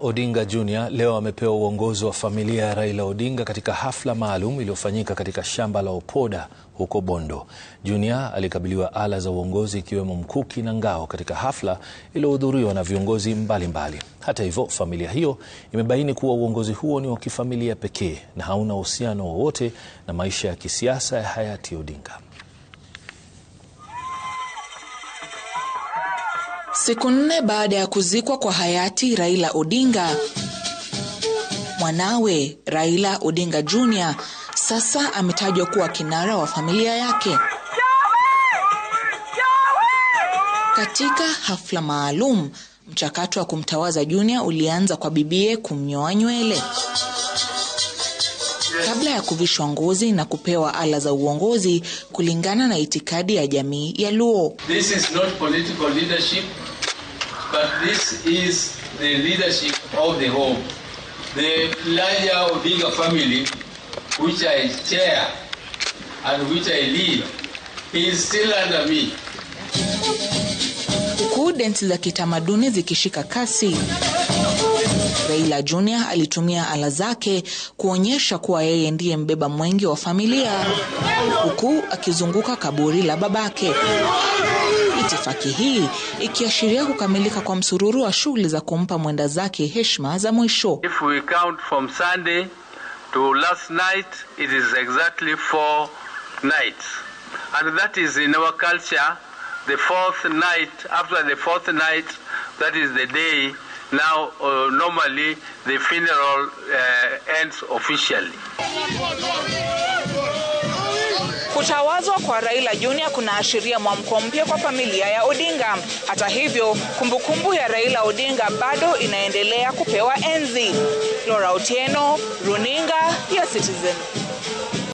Odinga Junior leo amepewa uongozi wa familia ya Raila Odinga katika hafla maalum iliyofanyika katika shamba la Opoda huko Bondo. Junior alikabiliwa ala za uongozi ikiwemo mkuki na ngao katika hafla iliyohudhuriwa na viongozi mbalimbali mbali. Hata hivyo, familia hiyo imebaini kuwa uongozi huo ni wa kifamilia pekee na hauna uhusiano wowote na maisha ya kisiasa ya hayati Odinga. Siku nne baada ya kuzikwa kwa hayati Raila Odinga, mwanawe Raila Odinga jr sasa ametajwa kuwa kinara wa familia yake. Katika hafla maalum, mchakato wa kumtawaza Junior ulianza kwa bibie kumnyoa nywele kabla ya kuvishwa ngozi na kupewa ala za uongozi kulingana na itikadi ya jamii ya Luo. This is not political leadership but this is the leadership of the home. The or bigger family, which I chair and which I lead, is still under me. Huku densi za kitamaduni zikishika kasi Raila Junior alitumia ala zake kuonyesha kuwa yeye ndiye mbeba mwenge wa familia huku akizunguka kaburi la babake. Itifaki hii ikiashiria kukamilika kwa msururu wa shughuli za kumpa mwenda zake heshima za mwisho. If we count from Sunday to last night, it is exactly four nights. And that is in our culture, the fourth night, after the fourth night, that is the day Now, uh, normally, the funeral uh, ends officially. Kutawazwa kwa Raila Junior kunaashiria mwamko mpya kwa familia ya Odinga. Hata hivyo, kumbukumbu ya Raila Odinga bado inaendelea kupewa enzi. Laura Otieno, Runinga ya Citizen.